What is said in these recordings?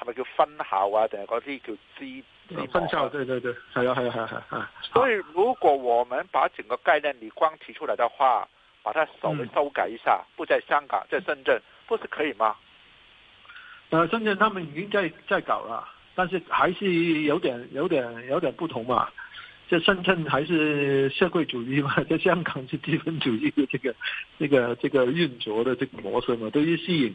係咪叫分校啊？定係嗰啲叫支、啊、分校？對對對，係啊係啊係啊係啊。所以如果我們把整個概念你光提出嚟的話，把它稍微修改一下、嗯，不在香港，在深圳，不是可以嗎？誒、呃，深圳他們已經在在搞啦，但是還是有點有點有點不同嘛。在深圳還是社會主義嘛，在 香港是資本主義嘅，這個、這個、這個運作的這個模式嘛，都是吸引。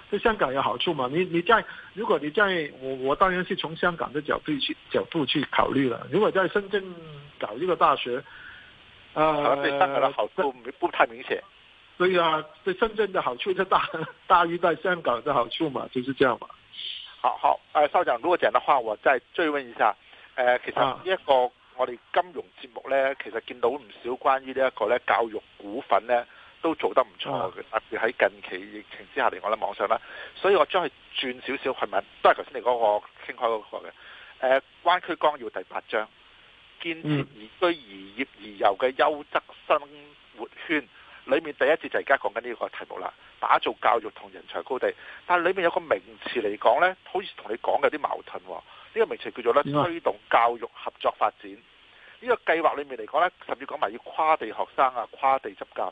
對香港有好處嘛？你你在，如果你在，我我當然是從香港的角度去角度去考慮了，如果在深圳搞一個大學，啊對香港的好處不太明顯，對啊對深圳的好處就大大於在香港的好處嘛，就是這樣嘛。好好，誒、呃，校長如果鄭德康喎，我再追問一下，誒、呃，其實呢一個我哋金融節目咧，其實見到唔少關於呢一個咧教育股份咧。都做得唔錯，特別喺近期疫情之下嚟。我喺網上啦，所以我將去轉少少去問，都係頭先你嗰、那個傾開嗰、那個嘅。誒、呃，灣區綱要第八章，建設宜居宜業宜遊嘅優質生活圈，裏、嗯、面第一節就而家講緊呢個題目啦，打造教育同人才高地。但係裏面有個名詞嚟講呢，好似同你講有啲矛盾、哦。呢、這個名詞叫做咧、嗯、推動教育合作發展呢、這個計劃裏面嚟講呢，甚至講埋要跨地學生啊，跨地執教。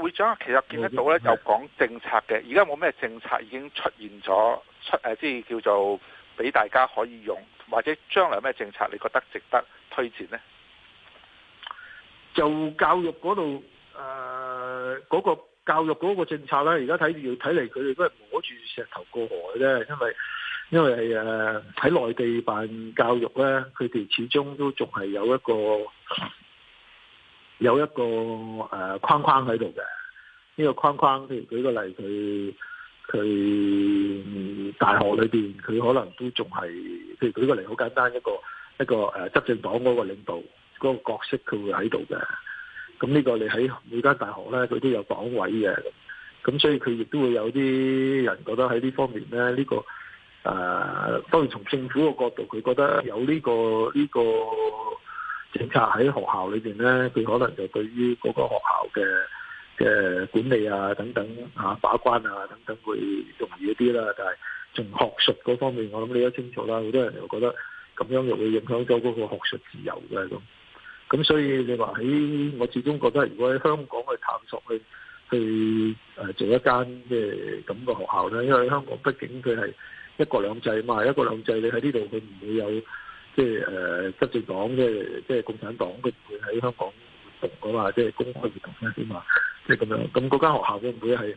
會長其實見得到咧，就講政策嘅。而家冇咩政策已經出現咗出誒，即、呃、係叫做俾大家可以用，或者將來有咩政策，你覺得值得推薦呢？就教育嗰度誒，嗰、呃嗰個教育嗰個政策咧，而家睇住睇嚟，佢哋都係摸住石頭過河嘅啫。因為因為係喺、呃、內地辦教育咧，佢哋始終都仲係有一個。有一個誒框框喺度嘅，呢個框框，譬如舉個例，佢佢大學裏邊，佢可能都仲係，譬如舉個例，好簡單，一個一個誒執政黨嗰個領導嗰個角色，佢會喺度嘅。咁呢個你喺每間大學咧，佢都有黨委嘅。咁所以佢亦都會有啲人覺得喺呢方面咧，呢個誒當然從政府嘅角度，佢覺得有呢個呢個。警察喺學校裏邊呢，佢可能就對於嗰個學校嘅嘅管理啊等等嚇、啊、把關啊等等會容易一啲啦，但係從學術嗰方面，我諗你都清楚啦，好多人又覺得咁樣又會影響咗嗰個學術自由嘅咁。咁所以你話喺我始終覺得，如果喺香港去探索去去誒做一間即係咁嘅學校咧，因為香港畢竟佢係一國兩制嘛，一國兩制你喺呢度佢唔會有。即係誒，執政黨，即係即係共產黨，佢唔會喺香港活動啊嘛，即係公開活動啊嘛，即係咁樣。咁嗰間學校會唔會係？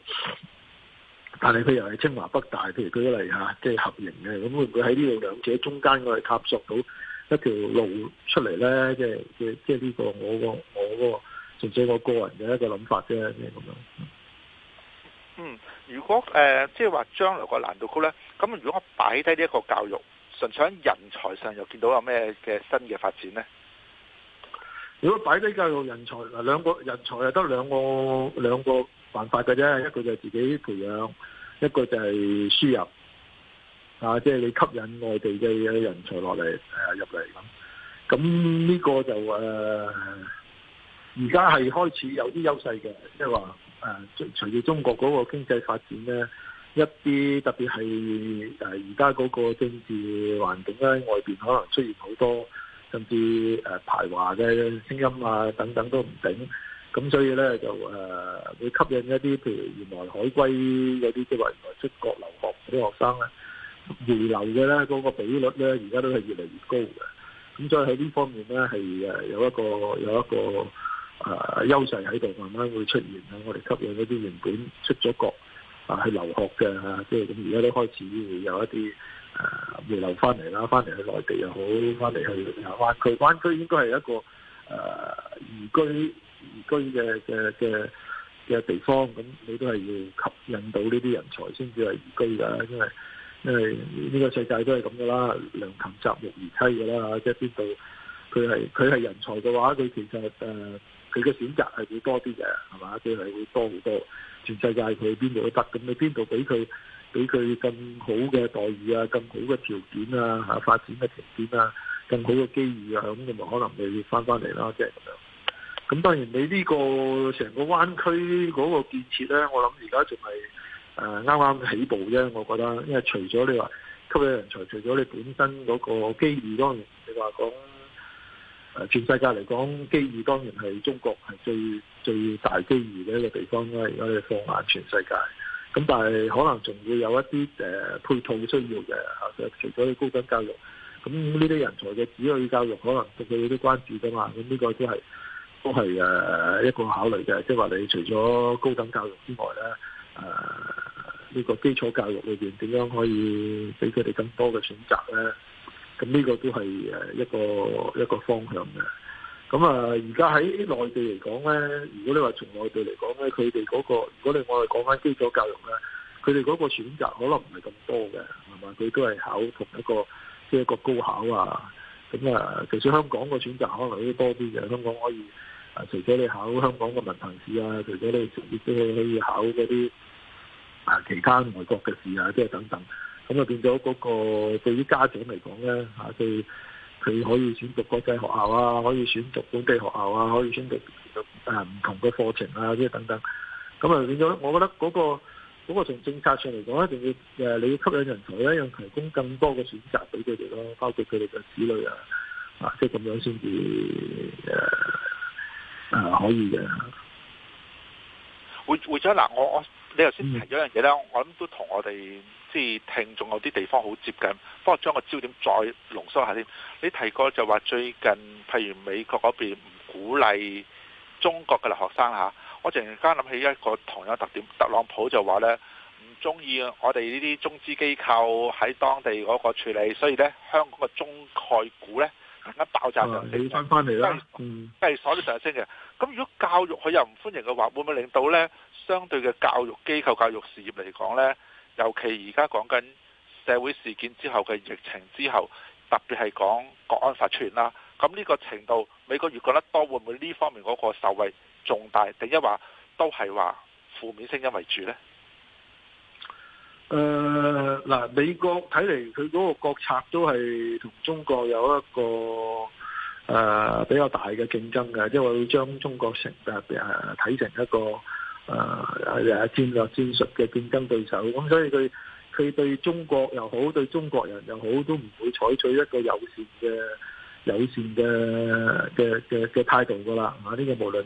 但係佢又係清華北大，譬如舉個例吓，即係合營嘅，咁會唔會喺呢度兩者中間，我哋探索到一條路出嚟咧？即係嘅，即係呢個我個我個，純粹我個人嘅一個諗法啫，咩咁樣？嗯，如果誒、呃，即係話將來個難度高咧，咁如果我擺低呢一個教育。人才上又見到有咩嘅新嘅發展呢？如果擺低教育人才嗱，兩個人才又得兩個兩個辦法嘅啫，一個就係自己培養，一個就係輸入啊，即係你吸引外地嘅人才落嚟誒入嚟咁。咁呢個就誒，而家係開始有啲優勢嘅，即係話誒，隨住中國嗰個經濟發展呢。一啲特別係誒而家嗰個政治環境咧，外邊可能出現好多甚至誒排華嘅聲音啊，等等都唔定，咁所以咧就誒會吸引一啲譬如原來海歸嗰啲即係原來出國留學嗰啲學生咧回流嘅咧，嗰個比率咧而家都係越嚟越高嘅，咁所以喺呢方面咧係誒有一個有一個誒優勢喺度，慢慢會出現啊！我哋吸引一啲原本出咗國。啊，去留學嘅，即係咁而家都開始會有一啲誒，回、呃、流翻嚟啦，翻嚟去內地又好，翻嚟去啊灣區，灣區應該係一個誒宜、呃、居宜居嘅嘅嘅嘅地方，咁你都係要吸引到呢啲人才先至係宜居㗎，因為因為呢個世界都係咁噶啦，良禽擇木而棲㗎啦，即係邊度佢係佢係人才嘅話，佢其實誒佢嘅選擇係會多啲嘅，係嘛，即、就、係、是、會多好多。全世界佢邊度都得？咁你邊度俾佢俾佢更好嘅待遇啊？更好嘅條件啊？嚇、啊、發展嘅條件啊？更好嘅機遇啊？咁你咪可能要翻翻嚟啦？即係咁樣。咁當然你呢、呢個成個灣區嗰個建設咧，我諗而家仲係誒啱啱起步啫。我覺得，因為除咗你話吸引人才，除咗你本身嗰個機遇，當然你話講。誒，全世界嚟講，機遇當然係中國係最最大機遇嘅一個地方啦。而家你放眼全世界，咁但係可能仲會有一啲誒、呃、配套需要嘅、啊、除咗高等教育，咁呢啲人才嘅子女教育可能仲有啲關注㗎嘛。咁呢個都係都係誒一個考慮嘅，即係話你除咗高等教育之外咧，誒、啊、呢、呢個基礎教育裏邊點樣可以俾佢哋更多嘅選擇咧？咁呢個都係誒一個一個方向嘅。咁啊，而家喺內地嚟講咧，如果你話從內地嚟講咧，佢哋嗰個，如果你我哋講返基礎教育咧，佢哋嗰個選擇可能唔係咁多嘅，係嘛？佢都係考同一個即係一個高考啊。咁啊，其實香港個選擇可能都多啲嘅，香港可以啊，除咗你考香港嘅文憑試啊，除咗你即係可以考嗰啲啊其他外國嘅試啊，即係等等。咁就變咗嗰個對於家長嚟講咧嚇，佢佢可以選讀國際學校啊，可以選讀本地學校啊，可以選讀誒唔同嘅課程啊，即係等等。咁啊變咗，我覺得嗰個嗰個從政策上嚟講咧，一定要誒你要吸引人才咧，要提供更多嘅選擇俾佢哋咯，包括佢哋嘅子女啊啊，即係咁樣先至誒誒可以嘅。會會長嗱，我我你頭先提咗一樣嘢咧，我諗都同我哋。啲聽眾有啲地方好接近，不過將個焦點再濃縮一下先。你提過就話最近譬如美國嗰邊唔鼓勵中國嘅留學生嚇，我突然間諗起一個同樣特點，特朗普就話咧唔中意我哋呢啲中資機構喺當地嗰個處理，所以咧香港嘅中概股咧突然爆炸就飛翻翻嚟啦，嗯，係所以上升嘅。咁如果教育佢又唔歡迎嘅話，會唔會令到咧相對嘅教育機構、教育事業嚟講咧？尤其而家講緊社會事件之後嘅疫情之後，特別係講國安法出嚟啦。咁呢個程度，美國越覺得多，會唔會呢方面嗰個受惠重大，定一話都係話負面聲音為主呢？誒、呃、嗱、呃，美國睇嚟佢嗰個國策都係同中國有一個誒、呃、比較大嘅競爭嘅，因為會將中國成日睇、呃、成一個。啊啊啊！戰略戰術嘅競爭對手，咁所以佢佢對中國又好，對中國人又好，都唔會採取一個友善嘅友善嘅嘅嘅嘅態度噶啦。啊，呢個無論係誒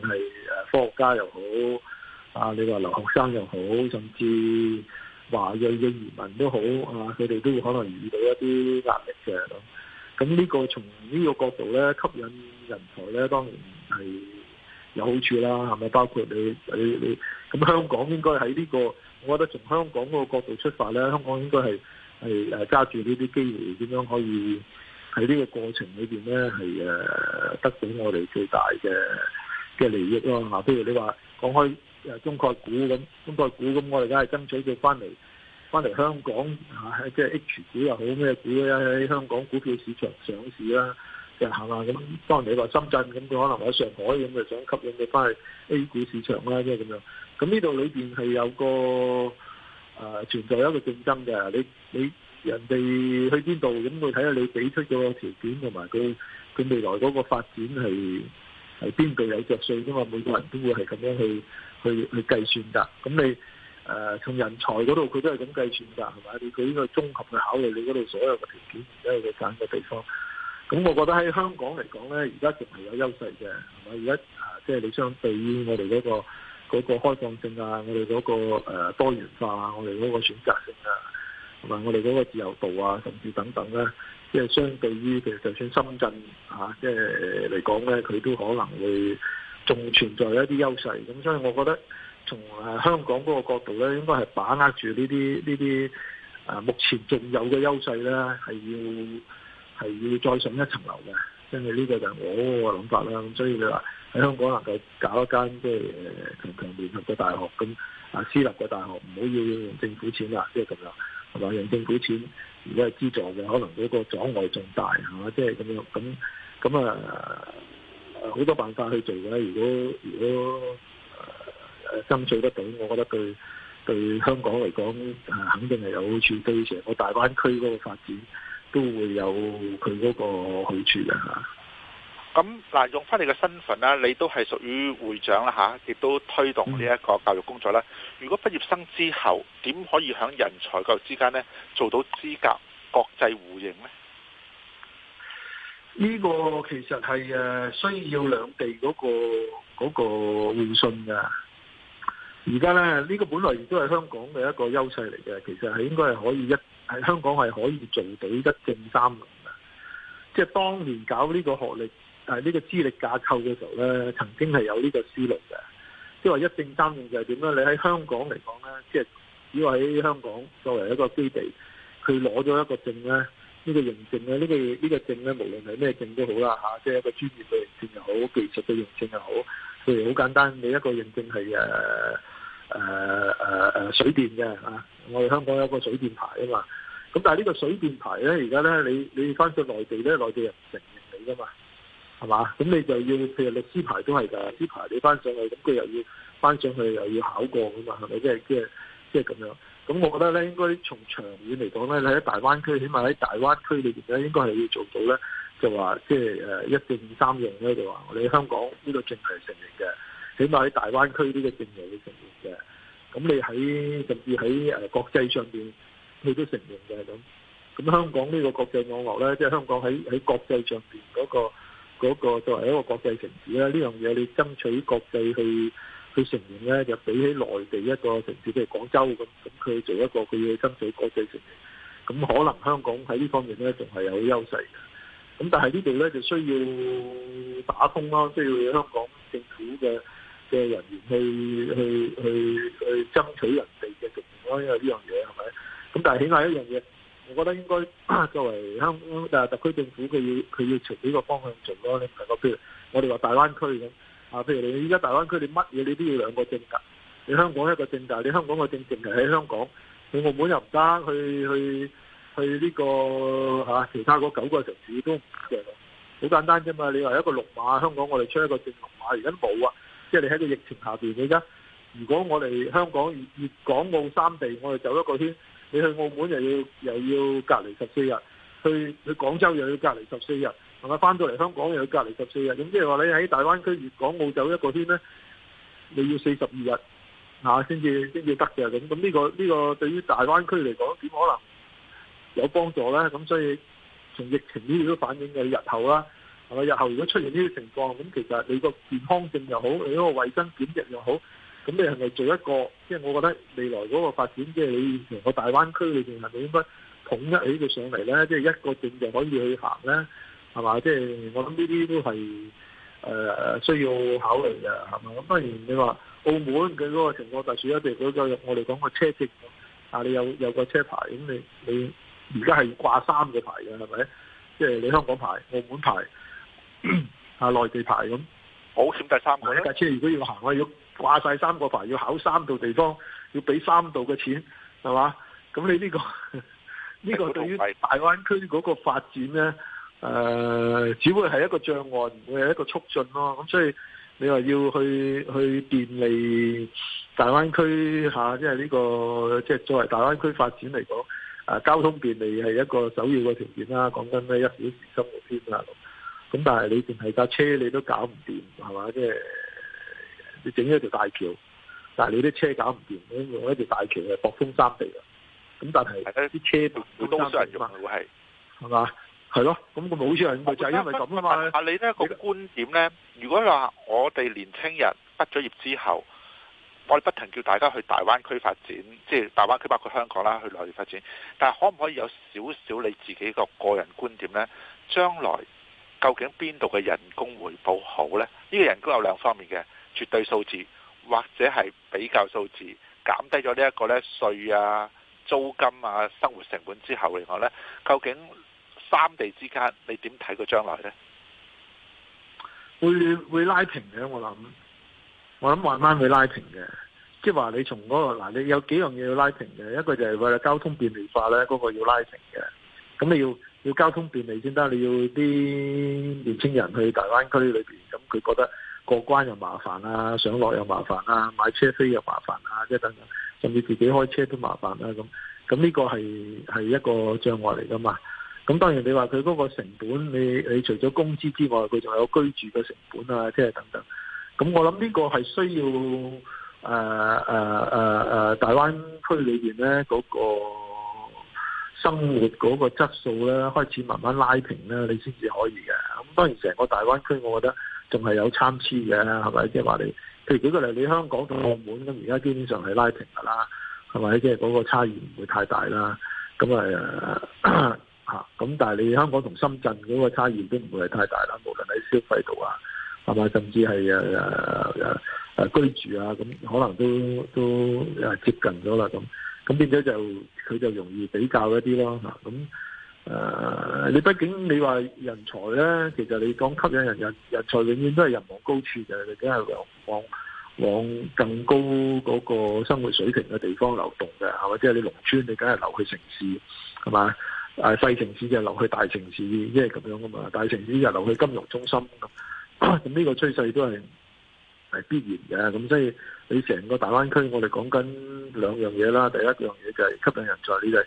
科學家又好，啊你話留學生又好，甚至華裔嘅移民都好，啊佢哋都會可能會遇到一啲壓力嘅。咁咁呢個從呢個角度咧，吸引人才咧，當然係有好處啦，係咪？包括你你你咁香港應該喺呢個，我覺得從香港嗰個角度出發咧，香港應該係係誒揸住呢啲機會，點樣可以喺呢個過程裏邊咧係誒得到我哋最大嘅嘅利益咯。啊、譬如你話講開誒中概股咁，中概股咁，我哋梗係爭取佢翻嚟翻嚟香港，吓、啊、即係 H 股又好咩股咧，喺香港股票市場上市啦。嘅係嘛咁，當然你話深圳咁，佢可能喺上海咁，就想吸引你翻去 A 股市場啦，即係咁樣。咁呢度裏邊係有個誒存在一個競爭嘅。你你人哋去邊度咁，會睇下你俾出咗個條件同埋佢佢未來嗰個發展係係邊度有著數嘅嘛？每個人都會係咁樣去去去計算㗎。咁你誒從人才嗰度佢都係咁計算㗎，係嘛？你佢應該綜合去考慮你嗰度所有嘅條件，然之後去揀個地方。咁我覺得喺香港嚟講呢，而家仲係有優勢嘅，係咪？而家啊，即係你相對於我哋嗰、嗰個嗰、嗰個開放性啊，我哋嗰、嗰個、呃、多元化啊，我哋嗰個選擇性啊，同、啊、埋我哋嗰個自由度啊，甚至等等呢，即、就、係、是、相對於其實就算深圳嚇，即係嚟講呢，佢都可能會仲存在一啲優勢。咁所以，我覺得從啊香港嗰個角度呢，應該係把握住呢啲呢啲目前仲有嘅優勢呢，係要。係要再上一層樓嘅，因為呢個就係我個諗法啦。咁所以你話喺香港能夠搞一間即係誒強強聯合嘅大學，咁啊私立嘅大學唔好要用政府錢啦，即係咁樣係嘛？用政府錢如果係資助嘅，可能嗰個阻礙仲大係嘛，即係咁樣，咁咁啊好多辦法去做嘅。如果如果誒爭取得到，我覺得對對香港嚟講，誒肯定係有好處，對成個大灣區嗰個發展。都會有佢嗰個好處嘅，咁嗱，用翻你嘅身份啦，你都係屬於會長啦嚇，亦都推動呢一個教育工作啦。如果畢業生之後點可以喺人才教育之間呢做到資格國際互認呢？呢個其實係誒需要兩地嗰個嗰個互信噶。而家呢，呢個本來亦都係香港嘅一個優勢嚟嘅，其實係應該係可以一。喺香港係可以做到一證三用嘅，即係當年搞呢個學歷誒呢個資歷架構嘅時候咧，曾經係有呢個思路嘅，即係話一證三用就係點咧？你喺香港嚟講咧，即係只要喺香港作為一個基地，佢攞咗一個證咧，呢個認證咧，呢個呢個證咧，無論係咩證都好啦嚇，即係一個專業嘅認證又好，技術嘅認證又好，譬如好簡單，你一個認證係誒誒誒誒水電嘅嚇、啊，我哋香港有個水電牌啊嘛。咁但係呢個水電牌咧，而家咧你你翻上內地咧，內地人唔承認你噶嘛，係嘛？咁你就要譬如律師牌都係噶，律師牌你翻上去，咁佢又要翻上去又要考過噶嘛，係咪即係即係即係咁樣？咁我覺得咧，應該從長遠嚟講咧，你喺大灣區，起碼喺大灣區裏邊咧，應該係要做到咧，就話即係一證三用咧，就話我哋香港呢個證係承認嘅，起碼喺大灣區呢個證係會承認嘅。咁你喺甚至喺誒、呃、國際上邊，佢都承認嘅咁，咁香港呢個國際網絡呢，即係香港喺喺國際上邊嗰個嗰個作為一個國際城市呢，呢樣嘢你爭取國際去去承認呢，就比起內地一個城市，譬如廣州咁，佢做一個佢要爭取國際承認，咁可能香港喺呢方面呢，仲係有優勢嘅。咁但係呢度呢，就需要打通咯，需要有香港政府嘅嘅人員去去去去爭取人哋嘅承認咯，因為呢樣嘢係咪？咁但係起碼一樣嘢，我覺得應該作為香、啊、特區政府，佢要佢要朝呢個方向做咯。你唔係，譬如我哋話大灣區咁啊，譬如你依家大灣區，你乜嘢你都要兩個證噶。你香港一個證但你香港個證淨係喺香港，你澳門又唔得，去去去呢、這個、啊、其他嗰九個城市都唔得。好簡單啫嘛！你話一個綠碼，香港我哋出一個證綠碼，而家冇啊。即係你喺個疫情下面，你而家如果我哋香港粵，粵港澳三地，我哋走一個圈。你去澳門又要又要隔離十四日，去去廣州又要隔離十四日，同埋翻到嚟香港又要隔離十四日，咁即係話你喺大灣區粵港澳走一個圈咧，你要四十二日啊先至先至得嘅。咁咁呢個呢個對於大灣區嚟講點可能有幫助咧？咁所以從疫情呢啲都反映嘅日後啦，係咪日後如果出現呢啲情況，咁其實你個健康證又好，你嗰個衞生檢疫又好。咁你係咪做一個？即係我覺得未來嗰個發展，即係你成個大灣區裏邊係咪應該統一起佢上嚟咧？即係一個證就可以去行咧，係嘛？即係我諗呢啲都係誒、呃、需要考慮嘅，係嘛？咁當然你話澳門嘅嗰個情況，特殊吖，譬如嗰個我哋講個車籍啊，你有有個車牌，咁你你而家係掛三個牌嘅，係咪？即係你香港牌、澳門牌啊、內 地牌咁，好少第三個。一架車如果要行，我要。掛晒三個牌，要考三度地方，要俾三度嘅錢，係嘛？咁你呢、這個呢、這個對於大灣區嗰個發展呢，誒、呃，只會係一個障礙，唔會係一個促進咯。咁所以你話要去去便利大灣區吓，即係呢個即係、就是、作為大灣區發展嚟講、啊，交通便利係一個首要嘅條件啦。講緊咧一小時生活圈啦。咁、啊、但係你仲係架車，你都搞唔掂，係嘛？即、就、係、是。你整咗條大橋，但係你啲車搞唔掂，我一條大橋係博風三地啊。咁但係啲車會堵塞啊嘛，會係係嘛，係咯，咁我冇少人就係、嗯嗯嗯、因為咁啊嘛。啊、嗯，你呢個觀點呢，如果話我哋年青人畢咗業之後，我哋不停叫大家去大灣區發展，即係大灣區包括香港啦，去內地發展，但係可唔可以有少少你自己個個人觀點呢？將來究竟邊度嘅人工回報好呢？呢、這個人工有兩方面嘅。絕對數字或者係比較數字減低咗呢一個咧，稅啊、租金啊、生活成本之後，另外呢，究竟三地之間你點睇佢將來呢？會會拉平嘅，我諗，我諗慢慢會拉平嘅。即係話你從嗰個嗱，你有幾樣嘢要拉平嘅，一個就係為咗交通便利化呢，嗰個要拉平嘅。咁你要要交通便利先得，你要啲年輕人去大灣區裏邊，咁佢覺得。過關又麻煩啊，上落又麻煩啊，買車飛又麻煩啊，即係等等，甚至自己開車都麻煩啦咁。咁呢個係係一個障礙嚟噶嘛。咁當然你話佢嗰個成本，你你除咗工資之外，佢仲有居住嘅成本啊，即係等等。咁我諗呢個係需要誒誒誒誒大灣區裏邊咧嗰個生活嗰個質素咧，開始慢慢拉平呢，你先至可以嘅。咁當然成個大灣區，我覺得。仲係有參差嘅，係咪？即係話你，譬如舉個例，你香港同澳門咁，而家基本上係拉平㗎啦，係咪？即係嗰個差異唔會太大啦。咁啊，嚇咁，但係你香港同深圳嗰個差異都唔會係太大啦。無論喺消費度啊，係咪？甚至係誒誒誒居住啊，咁可能都都誒、啊、接近咗啦。咁咁變咗就佢就容易比較一啲咯。嗱咁。誒、uh，你畢竟你話人才咧，其實你講吸引人人人才，永遠都係人往高處嘅，你梗係往往更高嗰個生活水平嘅地方流動嘅，或者係即係你農村，你梗係流去城市，係嘛？誒、啊，細城市就流去大城市，即係咁樣噶嘛？大城市就流去金融中心，咁呢個趨勢都係係必然嘅。咁即係你成個大灣區，我哋講緊兩樣嘢啦。第一樣嘢就係吸引人才，呢就是。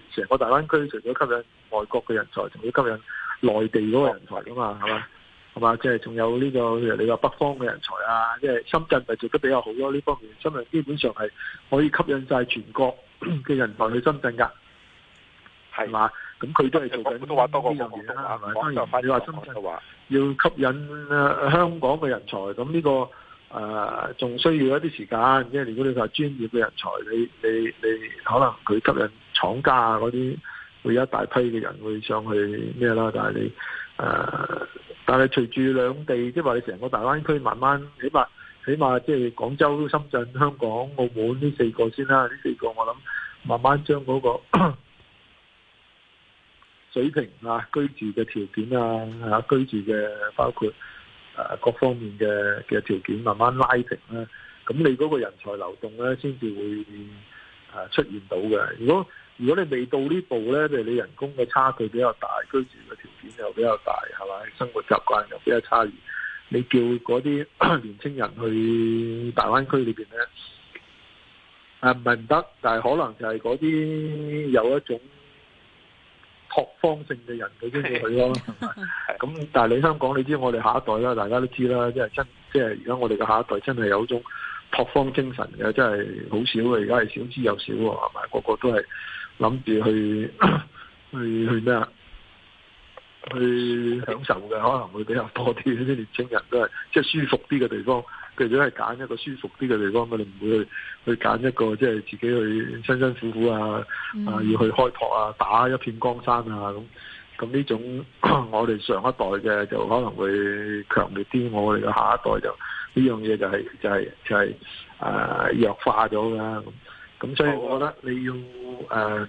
成個大灣區，除咗吸引外國嘅人才，仲要吸引內地嗰個人才噶嘛？係嘛？係、嗯、嘛？即係仲有呢、這個譬如你話北方嘅人才啊！即、就、係、是、深圳咪做得比較好咯？呢方面，深圳基本上係可以吸引晒全國嘅人才去深圳噶，係嘛？咁佢都係做緊呢啲嘢啦，係咪？當然，你話深圳要吸引香港嘅人才，咁呢、這個誒仲、呃、需要一啲時間。即係如果你話專業嘅人才，你你你可能佢吸引。廠家啊，嗰啲會有一大批嘅人會上去咩啦？但係你誒，但係隨住兩地即係話，你成個大灣區慢慢起碼起碼，即係廣州、深圳、香港、澳門呢四個先啦。呢四個我諗慢慢將嗰個水平啊、居住嘅條件啊、啊居住嘅包括誒各方面嘅嘅條件慢慢拉平啦。咁你嗰個人才流動咧先至會誒出現到嘅。如果如果你未到呢步呢，譬如你人工嘅差距比較大，居住嘅條件又比較大，係咪？生活習慣又比較差異，你叫嗰啲年青人去大灣區裏邊呢，誒唔係唔得，但係可能就係嗰啲有一種拓荒性嘅人佢先至去咯。咁 但係你香港，你知我哋下一代啦，大家都知啦，即係真，即係而家我哋嘅下一代真係有一種拓荒精神嘅，真係好少嘅，而家係少之又少，係咪？個個都係。諗住去 去去咩啊？去享受嘅，可能會比較多啲。啲年青人都係即係舒服啲嘅地方，佢哋都係揀一個舒服啲嘅地方。佢哋唔會去去揀一個即係、就係、自己去辛辛苦苦啊、嗯、啊！要去開拓啊，打一片江山啊咁。咁呢種我哋上一代嘅就可能會強烈啲，我哋嘅下一代就呢樣嘢就係、是、就係、就係、是、弱、啊、化咗㗎。咁所以，我覺得你要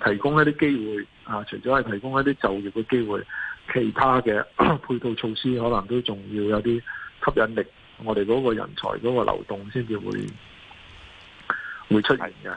誒提供一啲機會啊，除咗係提供一啲就業嘅機會，其他嘅配套措施可能都仲要有啲吸引力，我哋嗰個人才嗰個流動先至會會出現嘅。